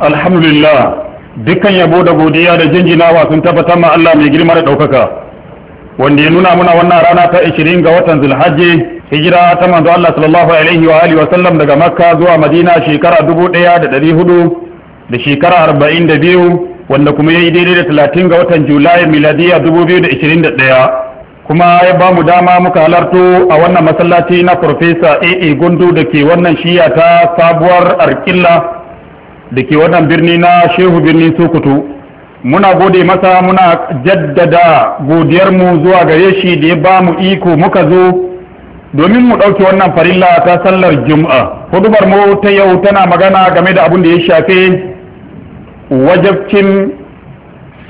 alhamdulillah dukkan yabo da godiya da wa sun tabbatar ma Allah mai girma da ɗaukaka wanda ya nuna muna wannan rana ta 20 ga watan zulhajji hijira ta manzo Allah sallallahu alaihi wa alihi wa sallam daga makka zuwa madina shekara 1400 da shekara 42 wanda kuma yayi daidai da 30 ga watan julai miladiya 2021 kuma ya ba mu dama muka halarto a wannan masallaci na Profesa A.A. Gundu da ke wannan shiya ta sabuwar arkilla da ke wannan birni na shehu birni sokoto muna gode masa muna jaddada godiyarmu zuwa gare shi da ya ba mu iko muka zo domin mu ɗauki wannan farilla ta sallar juma'a hudubar mu ta yau tana magana game da abin da ya shafe wajabcin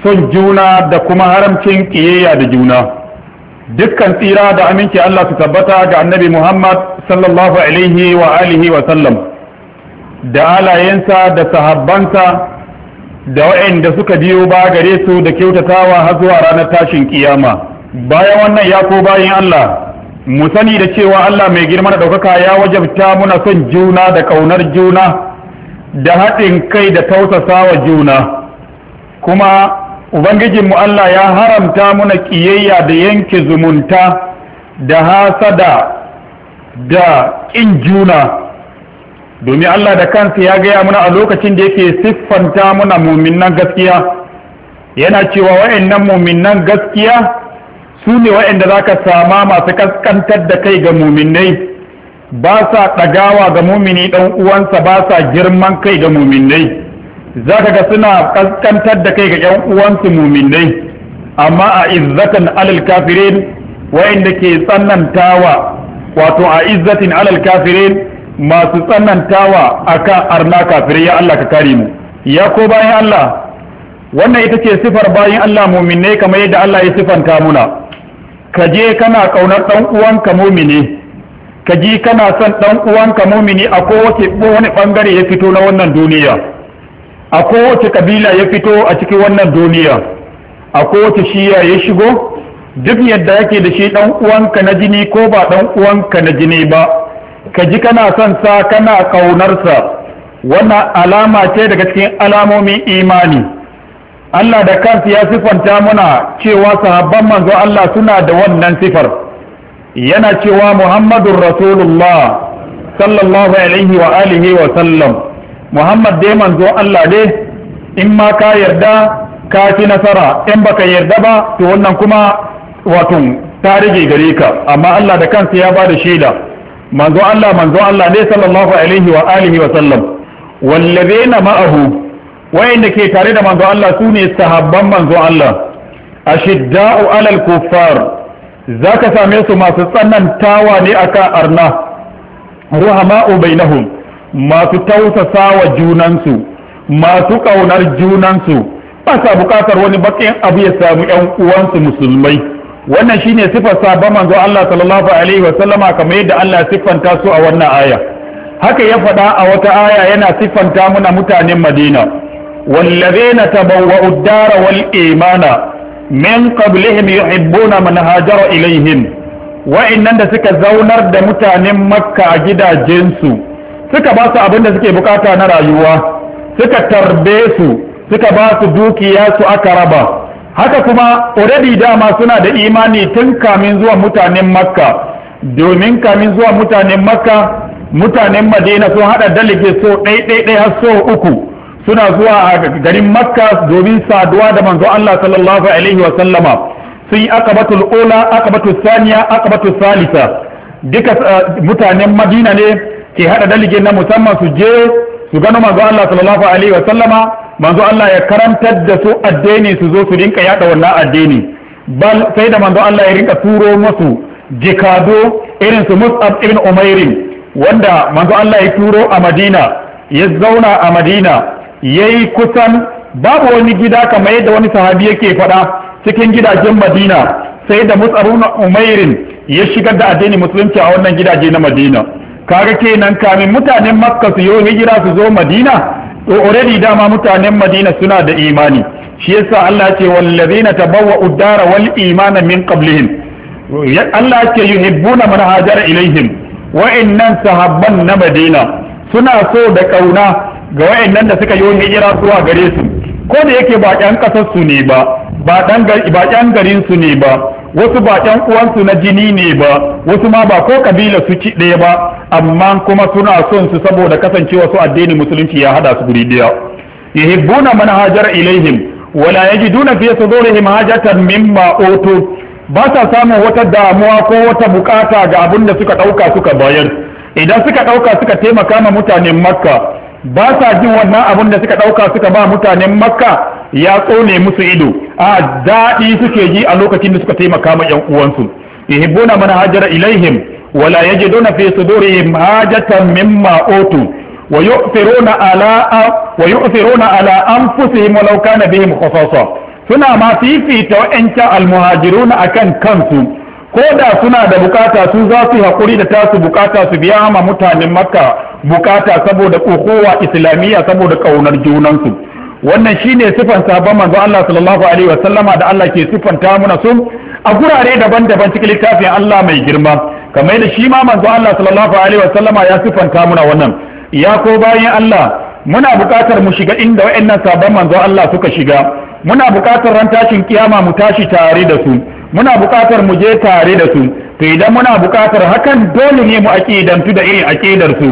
son juna da kuma haramcin ƙiyayya da juna dukkan tsira da aminci Allah su tabbata ga annabi Muhammad sallallahu alaihi wa alihi wa sallam da alayensa da sahabbansa da waɗanda suka biyo ba gare su da kyautatawa har zuwa ranar tashin kiyama bayan wannan ya ko bayan Allah mu sani da cewa Allah mai girma da ɗaukaka ya wajabta muna son juna da ƙaunar juna da haɗin kai da tausasawa juna kuma ubangijinmu Allah ya haramta muna ƙiyayya da yanke zumunta da hasada da ƙin juna domin Allah da kansa ya gaya mana a lokacin da yake siffanta muna muminan gaskiya yana cewa wa'annan muminan gaskiya su ne wa'anda za ka sama masu kaskantar da kai ga muminai ba sa ɗagawa ga mumini ɗan uwansa ba sa girman kai ga muminai za ka ga suna kaskantar da kai ga ‘yan uwansu muminai amma a izzatan alal kafirin wa'anda ke tsanantawa wato a izzatin alal kafirin masu tsanantawa a kan arna kafirai ya Allah ka kare mu ya ko bayan Allah wannan ita ce sifar bayan Allah muminai kamar yadda Allah ya sifanta muna ka je kana kaunar dan uwanka mumini ka ji kana son dan uwanka mumini a kowace wani bangare ya fito na wannan duniya a kowace kabila ya fito a cikin wannan duniya a kowace shiya ya shigo duk yadda yake da shi dan uwanka na jini ko ba dan uwanka na jini ba ka ji kana son sa kana ƙaunarsa wannan alama ce daga cikin alamomin imani Allah da kansa ya siffanta muna cewa sahabban manzo Allah suna da wannan sifar yana cewa Muhammadur Rasulullah sallallahu alaihi wa alihi wa sallam Muhammad dai manzo Allah ne? in ma ka yarda ka fi nasara in baka yarda ba to wannan kuma wato tarihi gare ka amma Allah da kansa ya ba da shaida manzo Allah manzo Allah ne sallallahu alaihi wa alihi wa sallam wallazina ma'ahu wayanda ke tare da manzo Allah sune sahabban manzo Allah ashidda'u alal kuffar zaka same su masu tsanantawa ne akan arna ruhama'u bainahum masu tausasawa junansu masu kaunar junansu ba sa bukatar wani bakin abu ya samu yan uwansu musulmai wannan shine sifar sabon manzo Allah sallallahu alaihi wa sallama kamar yadda Allah siffanta su a wannan aya haka ya faɗa a wata aya yana siffanta muna mutanen Madina wallazina tabawwa'u ad-dara wal imana min qablihim yuhibbuna man hajara ilaihim wa'annan da suka zaunar da mutanen Makka a gidajensu suka ba su abin da suke bukata na rayuwa suka tarbe su suka ba su dukiya su aka raba haka kuma already dama suna da imani tun kamin zuwa mutanen makka domin kamin zuwa mutanen makka mutanen madina sun hada dalige so ɗaiɗaiɗai har so uku suna zuwa a garin makka domin saduwa da manzo Allah sallallahu alaihi wa sallama sun yi akabatul ula akabatul saniya akabatul salisa duka eh, mutanen madina ne ke hada dalige na musamman su je su gano manzo Allah sallallahu alaihi wa sallama manzo Allah ya karantar da su addini su zo su rinka yada wannan addini bal sai da manzo Allah ya rinka turo musu jikado irin su Mus'ab ibn Umair wanda manzo Allah ya turo a Madina ya zauna a Madina yayi kusan babu wani gida kamar yadda wani sahabi yake faɗa cikin gidajen Madina sai da Mus'ab ibn Umair ya shigar da addini musulunci a wannan gidaje na Madina kaga kenan kamin mutanen Makka su yi hijira su zo Madina to already dama mutanen madina suna da imani shi yasa Allah ce wallazina tabawwa udara wal imana min qablihim Allah ce yuhibbuna man hajara ilaihim wa'annan sahabban na madina suna so da kauna ga wa'annan da suka yi hijira zuwa gare su ko da yake ba ƴan kasar su ne ba ba dan garin su ne ba wasu ba ƴan uwansu na jini ne ba wasu ma ba ko kabila su ci ɗaya ba amma kuma suna son su saboda kasancewa su addinin musulunci ya hada su guri ɗaya yuhibbuna man hajara ilaihim wala yajiduna fi sudurihim hajatan mimma utu ba sa samun wata damuwa ko wata bukata ga abin da suka ɗauka suka bayar idan suka ɗauka suka taimaka ma mutanen makka ba sa jin wannan abun da suka ɗauka suka ba mutanen makka ya tsone musu ido a daɗi suke ji a lokacin da suka taimaka ma ƴan uwansu yuhibbuna man hajara ilaihim wala yajiduna fi sudurihim hajatan mimma utu wa yu'thiruna ala wa yu'thiruna ala anfusihim walau kana bihim khasasa suna ma fifita wa'ancan almuhajiruna akan kansu ko da suna da bukata su za su yi hakuri da tasu bukata su biya ma mutanen makka bukata saboda kowa islamiyya saboda kaunar junansu wannan shine sifan sabon manzo Allah sallallahu alaihi wasallama da Allah ke sifanta muna su a gurare daban-daban cikin littafin Allah mai girma kamar yadda shi ma manzo Allah sallallahu alaihi wasallama ya sifanta muna wannan ya ko bayan Allah muna buƙatar mu shiga inda wa'annan sabon manzo Allah suka shiga muna buƙatar ran tashin kiyama mu tashi tare da su muna buƙatar mu je tare da su to idan muna buƙatar hakan dole ne mu aƙidantu da irin aƙidar su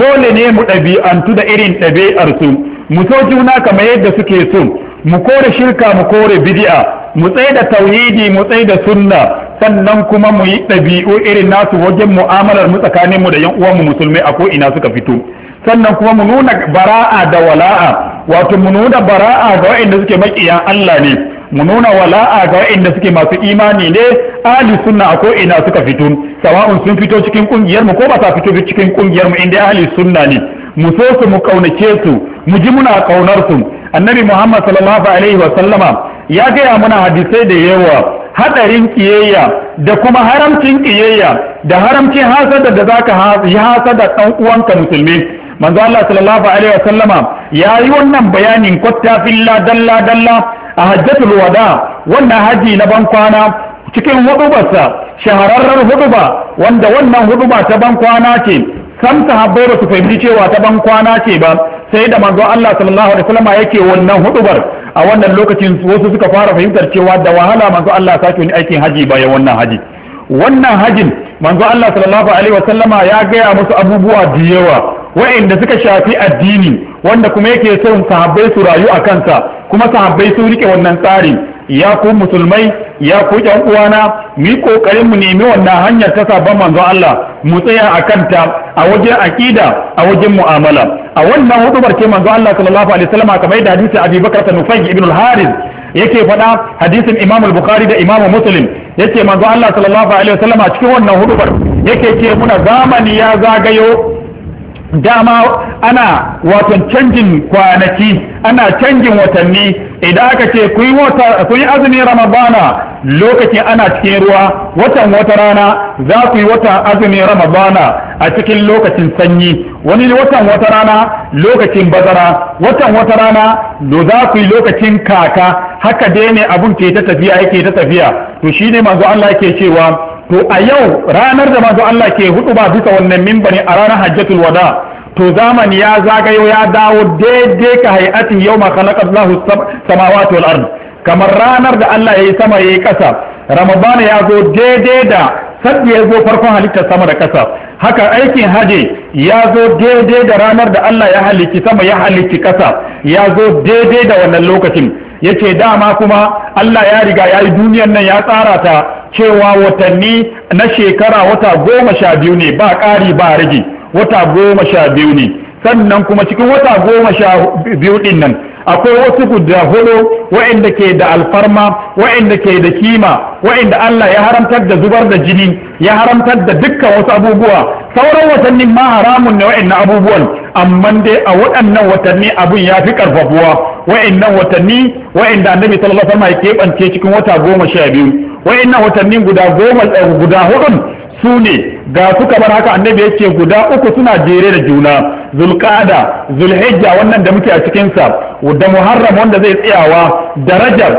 dole ne mu ɗabi'antu da irin ɗabi'ar su mu so juna kamar yadda suke so mu kore shirka mu kore bid'a mu tsaye da tauhidi mu tsaye da sunna sannan kuma mu yi ɗabi'u irin nasu wajen mu'amalar mu tsakanin mu da yan mu musulmai a ko ina suka fito sannan kuma mu nuna bara'a da wala'a wato mu nuna bara'a ga waɗanda suke maƙiyan Allah ne mu nuna wala'a ga inda suke masu imani ne ahli sunna a ina suka fito sawa'un sun fito cikin kungiyar mu ko ba sa fito cikin kungiyar mu inda ahli sunna ne mu so su mu kaunace su mu ji muna kaunar su annabi muhammad sallallahu alaihi wa sallama ya gaya muna hadisai da yawa hadarin kiyayya da kuma haramcin kiyayya da haramcin hasada da zaka yi hasada dan uwanka musulmi manzo Allah sallallahu alaihi wa sallama yayi wannan bayanin kwatta filla dalla dalla a hajjatul wada wannan haji na bankwana cikin hudubarsa shahararren huduba wanda wannan huduba ta kwana ce sam sahabbai ba su fahimci cewa ta bankwana ce ba sai da manzo Allah sallallahu alaihi wasallam yake wannan hudubar a wannan lokacin wasu suka fara fahimtar cewa da wahala manzo Allah sake wani aikin haji bayan wannan haji wannan hajin manzo Allah sallallahu alaihi ya gaya musu abubuwa da yawa suka shafi addini wanda kuma yake son sahabbai su rayu a kansa kuma sahabbai su rike wannan tsari ya ku musulmai ya ku ƴan uwana mu kokari mu nemi wannan hanyar ta sabon manzo Allah mu tsaya a kanta a wajen aqida a wajen mu'amala a wannan hudubar ce manzo Allah sallallahu alaihi wasallam kamar da hadisi Abi Bakar Nufayy ibn al-Harith yake faɗa hadisin Imam al-Bukhari da Imam Muslim yake manzo Allah sallallahu alaihi wasallam a cikin wannan hudubar yake ce muna zamani ya zagayo dama ana wato canjin kwanaki ana canjin watanni idan aka ce ku yi azumin ramadana lokacin ana cikin ruwa watan wata rana za ku yi watan azumin ramadana a cikin lokacin sanyi wani watan wata rana lokacin bazara watan wata rana za ku yi lokacin kaka haka dai ne abun ke ta tafiya yake ta tafiya to shi shine manzo Allah yake cewa to a yau ranar da manzo Allah ke hudu ba bisa wannan ne a ranar hajjatul wada to zamani ya zagayo ya dawo daidai ka hay'atin yau ma khalaqa Allahu samawati wal ard kamar ranar da Allah yayi sama yayi kasa Ramadan ya zo daidai da sabbi ya zo farkon halittar sama da kasa haka aikin haji ya zo daidai da ranar da Allah ya halicci sama ya halicci kasa ya zo daidai da wannan lokacin yace dama kuma Allah ya riga ya yi duniyar nan ya tsara ta cewa watanni na shekara wata goma sha biyu ne ba ƙari ba rage wata goma sha biyu ne sannan kuma cikin wata goma sha biyu ɗin nan akwai wasu guda hudu wa'inda ke da alfarma wa'inda ke da kima wa'inda Allah ya haramtar da zubar da jini ya haramtar da dukkan wasu abubuwa sauran watannin ma haramun ne wa'annan abubuwan amma dai a waɗannan watanni abun ya fi karfafuwa wa'annan watanni wa'inda annabi sallallahu alaihi wasallam ya keɓance cikin wata goma sha biyu wa'annan watannin guda goma eh, guda hudu su ne ga su kamar haka annabi ya ce guda uku suna jere da juna zulkada zulhijja wannan da muke a cikinsa da muharram wanda zai tsayawa da rajab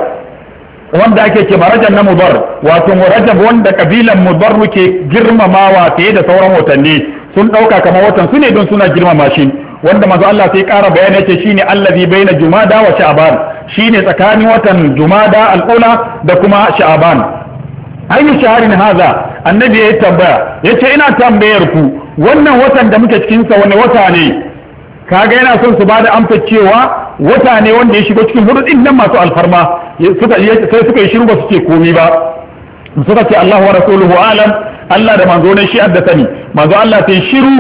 wanda ake ce marajan na mubar wato rajab wanda kabilan mubar ke girmamawa fiye da sauran watanni sun ɗauka kamar watan su ne don suna girmama shi wanda manzo Allah sai ƙara bayani yace shine allazi baina jumada wa sha'ban shine tsakanin watan jumada al'ula da kuma sha'aban ayi shaharin haza annabi ya tambaya Ya ce ina tambayar ku wannan watan da muke cikinsa wani wata ne kaga yana son su ba da amsa cewa wata ne wanda ya shigo cikin hudu din nan masu alfarma sai suka yi shiru ba su ce ba suka ce Allah wa rasuluhu alam Allah da manzo ne shi sani manzo Allah sai shiru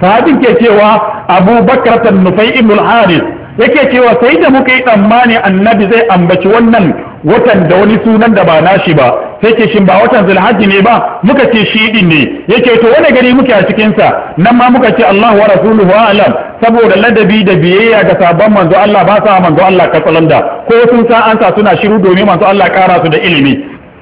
sahabin ke cewa Abu Bakar tan Nufai ibn al-Harith yake cewa sai da muka yi tsammani annabi zai ambaci wannan watan da wani sunan da ba nashi ba sai ke shin ba watan zulhajji ne ba muka ce shi din ne yake to wani gari muke a cikin sa nan ma muka ce Allahu wa rasuluhu alam saboda ladabi da biyayya ga sabon manzo Allah ba sa manzo Allah katsalanda ko sun sa an sa suna shiru domin manzo Allah kara su da ilimi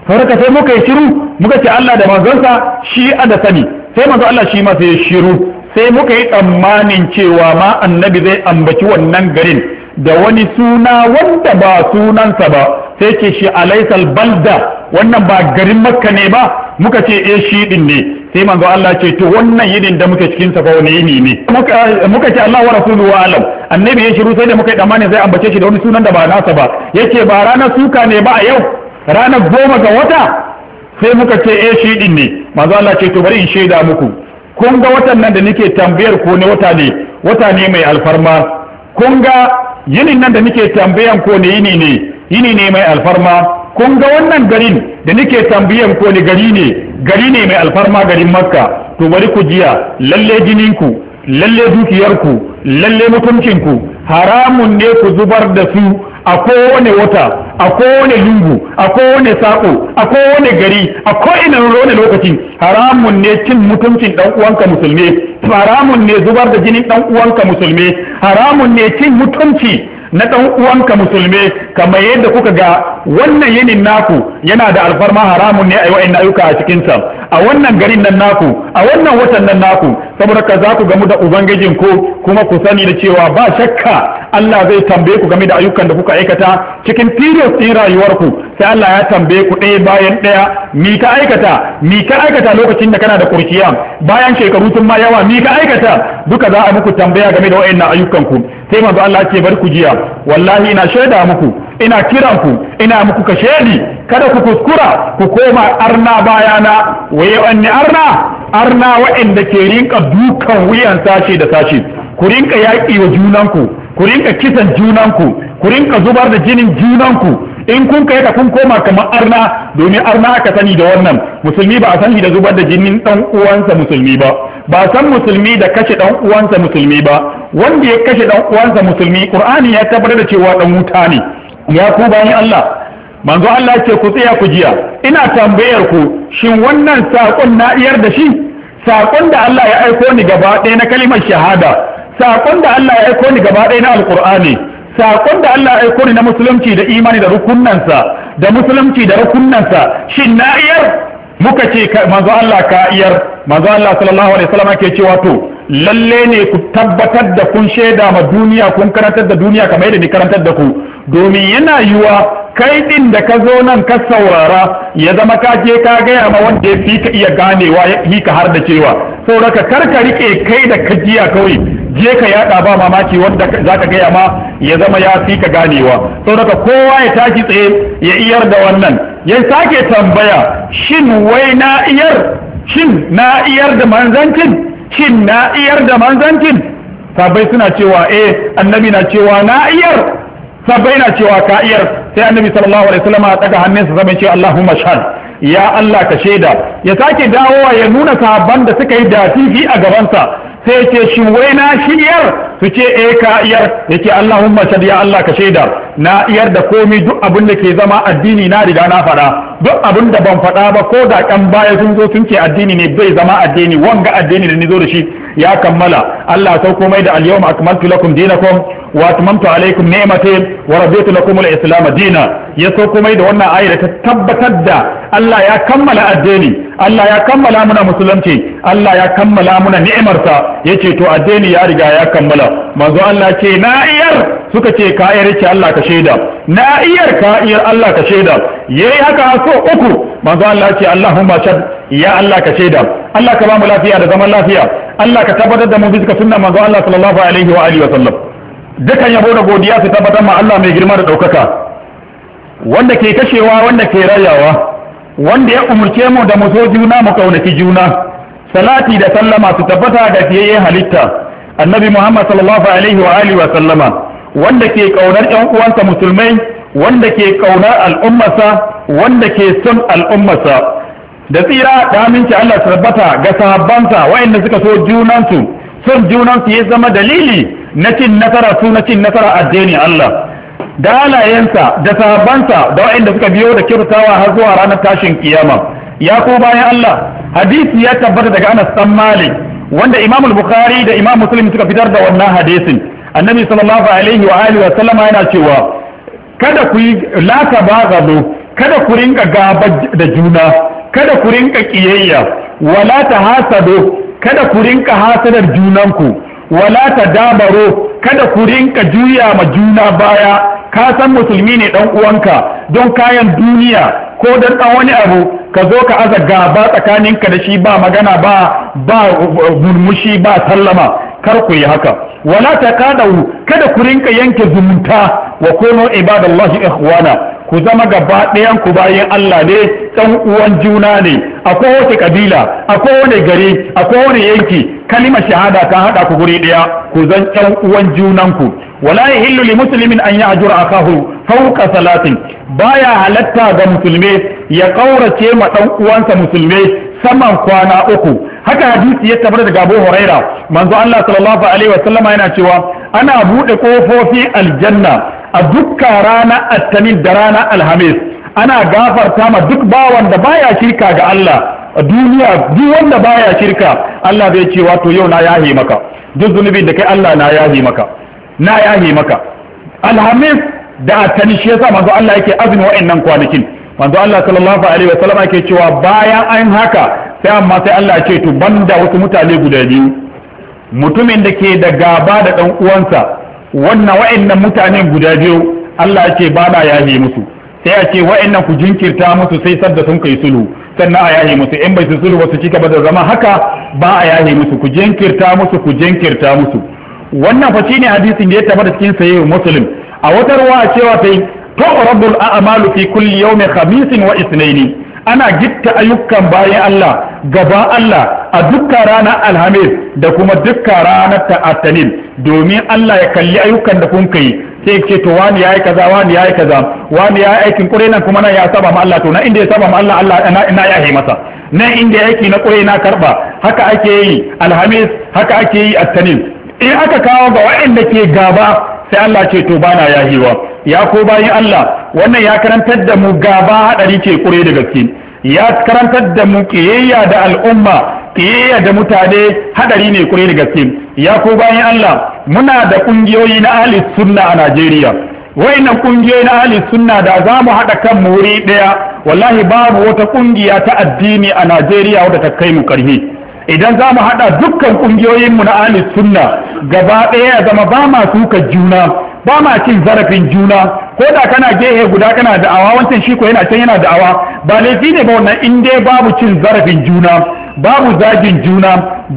saboda sai muka yi shiru muka ce Allah da manzonsa shi a da sani sai manzo Allah shi ma sai shiru sai muka yi tsammanin cewa ma annabi zai ambaci wannan garin da wani suna wanda ba sunansa ba sai ce shi alaisal balda wannan ba garin makka ne ba muka ce eh shi din ne sai manzo Allah ce to wannan yinin da muke cikin sa fa wani yini ne muka ce Allah wa rasulu wa alam annabi ya shiru sai da muka yi tsammanin zai ambace shi da wani sunan da ba nasa ba yace ba ranar suka ne ba a yau ranar goma ga wata sai muka ce eh shi din ne manzo Allah ce to bari in shaida muku kun ga watan nan da nake tambayar ko ne wata ne wata ne mai alfarma kun ga yinin nan da nake tambayan ko ne yini ne yini ne mai alfarma kun ga wannan garin da nake tambayan ko ne gari ne gari ne mai alfarma garin makka to bari ku jiya lalle jininku lalle dukiyarku lalle mutuncinku haramun ne ku zubar da su a kowane wata a kowane lingu a kowane sako a kowane gari a ko'ina wani lokaci haramun ne cin mutuncin dan uwanka musulmi haramun ne zubar da jinin dan uwanka musulmi haramun ne cin mutunci na dan uwanka musulmi kamar yadda kuka ga wannan yanin naku yana da alfarma haramun ne a yi wa'in ayyuka a cikinsa a wannan garin nan naku a wannan watan nan naku saboda ka za ku gamu da ku kuma ku sani da cewa ba shakka Allah zai tambaye ku game da ayyukan da kuka aikata cikin period ɗin rayuwarku sai Allah ya tambaye ku ɗaya bayan ɗaya mi ka aikata mi ka aikata lokacin da kana da kurciya bayan shekaru sun ma yawa mi ka aikata duka za a muku tambaya game da wa'annan ayyukan ku sai manzo Allah ce bar ku jiya wallahi ina shaida muku ina kiran ku ina muku kashedi kada ku kuskura ku koma arna bayana waye wani arna arna wa'anda ke rinka dukan wuyan sashi da sashi ku rinka yaƙi wa junanku ku rinka kisan junanku ku rinka zubar da jinin junanku in kun kai ka kun koma kamar arna domin arna aka sani da wannan musulmi ba a sani da zubar da jinin dan uwansa musulmi ba ba san musulmi da kashe dan uwansa musulmi ba wanda ya kashe dan uwansa musulmi qur'ani ya tabbatar da cewa dan wuta ne ya ku Allah manzo Allah ce ku tsaya ku jiya ina tambayar ku shin wannan sakon na iyar da shi sakon da Allah ya aiko ni gaba ɗaya na kalimar shahada saƙon da Allah ya aiko ni gaba ɗaya na alƙur'ani saƙon da Allah ya aiko ni na musulunci da imani da rukunansa da musulunci da rukunansa shin na iyar muka ce manzo Allah ka iyar manzo Allah sallallahu alaihi wasallam ke cewa to lalle ne ku tabbatar da kun shaida ma duniya kun karantar da duniya kamar yadda ni karantar da ku domin yana yiwa kai din da ka zo nan ka saurara ya zama ka je ka gaya ma wanda ya fi ka iya ganewa ya fi ka har da cewa sauraka kar ka rike kai da ka jiya kawai je ka yada ba mamaki wanda za ka gaya ma ya zama ya fi ka ganewa sauraka kowa ya tashi tsaye ya iyar da wannan ya sake tambaya shin wai na iyar shin na iyar da manzancin shin na iyar da manzancin sabai suna cewa eh annabi na cewa na iyar sabai na cewa ka'iyar, sai annabi sallallahu alaihi wasallam ya daga hannunsa zama ce Allahumma shahad ya Allah ka shaida ya sake dawowa ya nuna sahabban da suka yi dafifi a gabansa sai ce shin wai na shiyar su ce eh ka'iyar yake Allahumma shahad ya Allah ka da. na iyar da komai duk abin da ke zama addini na riga na faɗa duk abin da ban faɗa ba ko da kan baya sun zo sun ce addini ne bai zama addini wanga addini da ni zo da shi ya kammala Allah sauko komai da al-yawma akmaltu lakum dinakum wa atmamtu alaikum ni'mati wa raditu lakum al-islam dina ya so kuma da wannan ayar ta tabbatar da Allah ya kammala addini Allah ya kammala muna musulunci Allah ya kammala muna ni'imarsa yace to addini ya riga ya kammala manzo Allah ce na iyar suka ce ka iyar ce Allah ka shaida na iyar ka iyar Allah ka shaida yayi haka so uku manzo Allah ce Allahumma shad ya Allah ka shaida Allah ka ba mu lafiya da zaman lafiya Allah ka tabbatar da mu bisa sunna manzo Allah sallallahu alaihi wa alihi wa sallam dukan yabo da godiya su tabbatar ma Allah mai girma da ɗaukaka wanda ke kashewa wanda ke rayawa wanda ya umurce mu da mu so juna mu kaunaki juna salati da sallama su tabbata ga fiyayyen halitta annabi Muhammad sallallahu alaihi wa alihi wa sallama wanda ke kaunar yan uwansa musulmai wanda ke kaunar al'ummarsa wanda ke son al'ummarsa da tsira da aminci Allah tabbata ga sahabbansa wa'anda suka so junansu son junansu ya zama dalili na cin nasara su na cin nasara addinin Allah da halayensa da sahabbansa da waɗanda suka biyo da kyautawa har zuwa ranar tashin kiyama ya ko bayan Allah hadisi ya tabbata daga Anas dan Malik wanda Imam al-Bukhari da Imam Muslim suka fitar da wannan hadisin annabi sallallahu alaihi wa alihi wa sallama yana cewa kada ku yi laka bagado kada ku rinka gaba da juna kada ku rinka kiyayya wala tahasado kada ku rinka hasadar junanku wala ta dabaro kada ku rinka juya ma juna baya ka san musulmi ne dan uwanka don kayan duniya ko dan dan wani abu ka zo ka aza gaba tsakaninka da shi ba magana ba ba murmushi ba sallama kar ku yi haka wala takadu kada ku rinka yanke zumunta wa kunu ibadallahi ikhwana ku zama gaba ɗayan ku bayan Allah ne ɗan uwan juna ne a kowace kabila a kowane gari a kowane yanki kalimar shahada ta haɗa ku guri ɗaya ku zan ɗan uwan junanku wala yahillu li muslimin an ya'jura akahu fawqa salatin baya halatta ga musulmi ya kaurace ma ɗan uwansa musulmi saman kwana uku haka hadisi ya tabbata daga Abu Huraira manzo Allah sallallahu alaihi wasallama yana cewa ana bude kofofi aljanna a dukkan rana attamin da rana alhamis ana gafarta ma duk bawan da baya shirka ga Allah a duniya duk wanda baya shirka Allah zai ce wato yau na yahi maka duk zunubin da kai Allah na yahi maka na yahi maka alhamis da atani shi yasa manzo Allah yake azumi wa'annan kwanakin manzo Allah sallallahu alaihi wa sallam yake cewa bayan an haka sai amma sai Allah ya ce to banda wasu mutane guda biyu mutumin da ke da gaba da dan uwansa wannan wa'annan mutanen guda biyu Allah ya ce ba na yahi musu sai a ce wa'annan ku jinkirta musu sai sadda sun kai sulhu sannan a yahe musu in bai su sulhu ba su ci gaba da zama haka ba a yahe musu ku jinkirta musu ku jinkirta musu wannan fa shine hadisin da ya tabbata cikin sahihu muslim a wata ruwa cewa sai tu'rabul a'malu fi kulli yawmin khamisin wa ne ana gitta ayyukan bayan Allah gaba Allah a dukkan ranar alhamis da kuma dukkan ranar ta'attanin domin Allah ya kalli ayyukan da kun kai sai ce to wani yi kaza wani yi kaza wani yi aikin kure nan kuma nan ya saba ma Allah to na inda ya saba ma Allah Allah ina ya masa nan inda yake na kure na karba haka ake yi alhamis haka ake yi attanin in aka kawo ga waɗanda ke gaba sai Allah ce to bana yahiwa ya ko bayin Allah wannan ya karantar da mu gaba hadari ce kure da gaske ya karantar da mu kiyayya da al'umma kiyayya da mutane hadari ne kure da gaske ya ko bayan Allah muna da kungiyoyi na ahli sunna a Najeriya wayannan kungiyoyi na ahli sunna da za mu hada kan mu wuri daya wallahi babu wata kungiya ta addini a Najeriya wadda ta kai mu karhi idan za mu hada dukkan kungiyoyin mu na ahli sunna gaba daya zama ba ma suka juna ba ma cin zarafin juna ko da kana gehe guda kana da'awa wancan shi ko yana can yana da'awa ba laifi ne ba wannan in dai babu cin zarafin juna babu zagin juna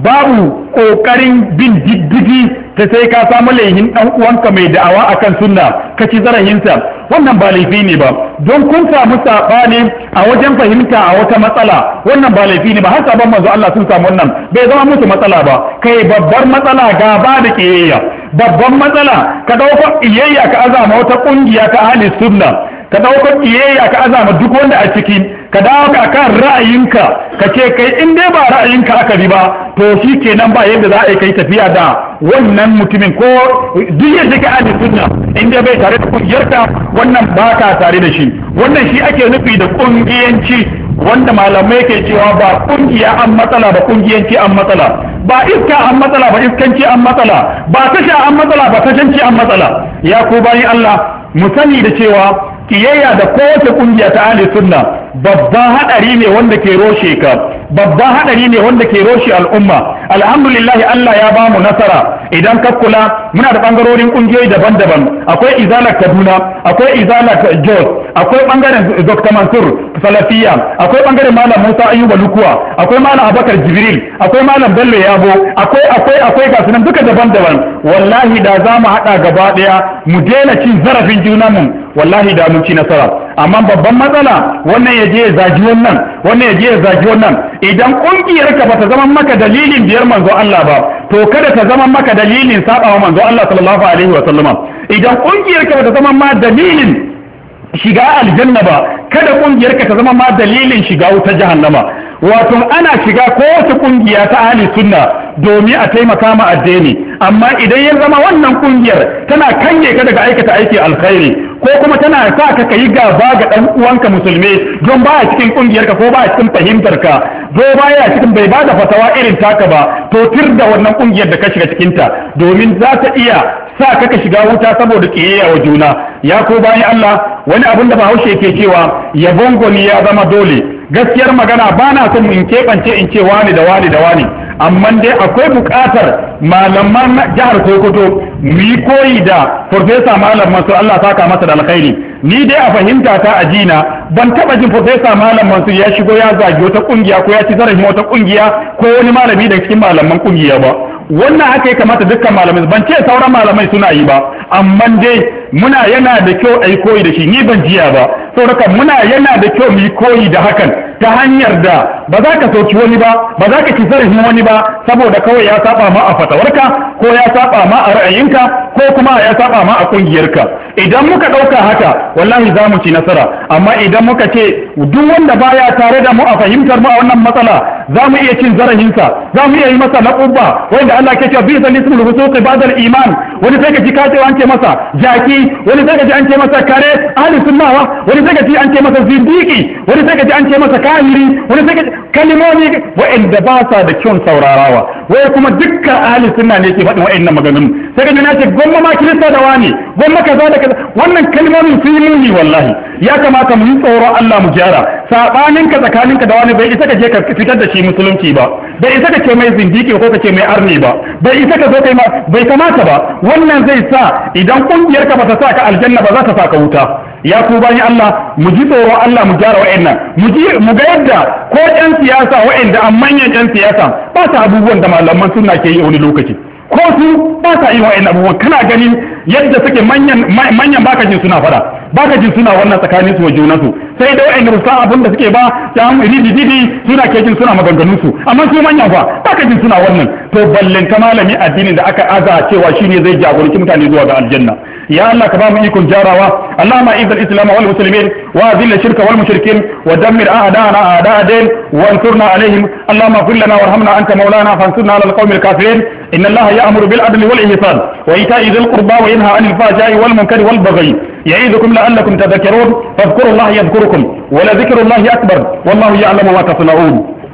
babu kokarin bin diddigi ta sai ka samu laihin dan uwanka mai da'awa akan sunna ka ci zarahinsa wannan ba laifi ne ba don kun samu sabani a wajen fahimta a wata matsala wannan ba laifi ne ba har sabon manzo Allah sun samu wannan bai zama musu matsala ba kai babbar matsala gaba da kiyayya babban matsala ka ɗaukar iyayya ka azama wata ƙungiya ta ahli sunna ka ɗaukar iyayya ka azama duk wanda a ciki ka dawo ka kan ra'ayinka ka ce kai in dai ba ra'ayinka aka bi ba to shi kenan ba yadda za a yi kai tafiya da wannan mutumin ko duk yadda ka ahli sunna in dai bai tare da ƙungiyarka wannan ba ka tare da shi wannan shi ake nufi da ƙungiyanci wanda malamai ke cewa ba ƙungiya an matsala ba ƙungiyanci an matsala ba iska an matsala ba iskanci an matsala ba tasha an matsala ba tashanci an matsala ya ku bayan Allah mu sani da cewa kiyayya da kowace kungiya ta ahli sunna babban hadari ne wanda ke roshe ka babban hadari ne wanda ke roshi al'umma alhamdulillah Allah ya ba mu nasara idan ka kula muna da bangarorin kungiyoyi daban-daban akwai izalar Kaduna akwai izalar Jos akwai bangaren Dr. Mansur Salafiya akwai bangaren Malam Musa Ayuba Lukuwa akwai Malam Abakar Jibril akwai Malam Bello Yabo akwai akwai akwai ga duka daban-daban wallahi da za mu hada gaba daya mu daina cin zarafin junanmu wallahi da mun ci nasara amma babban matsala wannan ya je ya zagi wannan wannan ya je ya zagi wannan idan kungiyar ka bata zama maka dalilin biyar manzo Allah ba to kada ta zama maka dalilin sabawa manzo Allah sallallahu alaihi wa sallama idan kungiyar ka bata zama ma dalilin shiga aljanna ba kada kungiyar ka ta zama ma dalilin shiga wuta jahannama wato ana shiga kowace kungiya ta ahli sunna domin a taimaka ma addini amma idan ya zama wannan kungiyar tana kange ka daga aikata aiki alkhairi ko kuma tana sa ka kayi gaba ga dan uwanka musulmi don baya cikin ƙungiyarka ko baya cikin fahimtar ka zo baya cikin bai bada fatawa irin taka ba to tir da wannan kungiyar da ka shiga cikin ta domin za ta iya sa ka ka shiga wuta saboda kiyaye wa juna ya ko bayan Allah wani abin da Bahaushe ke cewa ya gongoni ya zama dole gaskiyar magana ba na son in keɓance in ce wani da wani da wani amma dai akwai buƙatar malaman jihar Sokoto mu yi koyi da Farfesa Malam Mansur Allah saka masa da alkhairi ni dai a fahimta ta a jina ban taba jin Farfesa Malam Mansur ya shigo ya zagi wata kungiya ko ya ci zarafin wata kungiya ko wani malami da cikin malaman kungiya ba wannan haka ya kamata dukkan malamai ban ce sauran malamai suna yi ba amma dai muna yana da kyau a yi koyi da shi ni ban jiya ba saboda muna yana da kyau mu yi koyi da hakan ta hanyar da ba za ka sauki wani ba ba za ka ci zarafin wani ba saboda kawai ya saba ma a fatawarka ko ya saba ma a ra'ayinka ko kuma ya saba ma a kungiyarka idan muka dauka haka wallahi za mu ci nasara amma idan muka ce duk wanda baya tare da mu a fahimtar mu a wannan matsala za mu iya cin sa za mu iya yi masa laqaba wanda Allah ke cewa bi zalismul husuqi ba'da iman wani sai ka ji kace an ce masa jaki wani sai ka ji an ce masa kare ahli sunnawa wani sai ka ji an ce masa zindiki wani sai ka ji an ce masa kafiri wani sai ka kalimomi waɗanda ba sa da kyau saurarawa wai kuma dukka ahli sunna ne ke faɗin waɗannan maganganun sai kaji na ce gwamma ma kirista da wani gwamma kaza da kaza wannan kalimomin sun yi muni wallahi ya kamata mu yi tsoron Allah mu gyara sabanin ka tsakanin ka da wani bai isa ka je ka fitar da shi musulunci ba bai isa ka ce mai zindiki ko ka ce mai arni ba bai isa ka zo kai ma bai kamata ba wannan zai sa idan kungiyar ka ba ta sa ka aljanna ba za ta sa ka wuta ya ku bani Allah mu ji tsoro Allah mu gyara wa'annan mu ji mu ga yadda ko ɗan siyasa wa'anda an manyan ɗan siyasa ba ta abubuwan da malaman suna ke yi wani lokaci ko su ba ta yi wa'annan abubuwan kana ganin yadda suke manyan manyan baka jin suna fada baka jin suna wannan tsakanin su wa junansu sai da wa'anda ba abin da suke ba da an iri didi suna kejin suna maganganun su amma su manyan fa ba ka jin suna wannan to ballin ta malami addinin da aka aza cewa shine zai jagoranci mutane zuwa ga aljanna ya Allah ka ba mu ikon jarawa Allah ma izal islam wal muslimin wa zil shirka wal mushrikin wa dammir a'da'ana a'da'adin wa ansurna alaihim Allah ma fil lana warhamna anta maulana fansurna ala alqawmil kafirin inna Allah ya'muru bil adli wal ihsan wa ita'i dhil qurba wa yanha 'anil fahsha'i wal munkari wal baghi يعيدكم لعلكم تذكرون فاذكروا الله يذكركم ولذكر الله أكبر والله يعلم ما تصنعون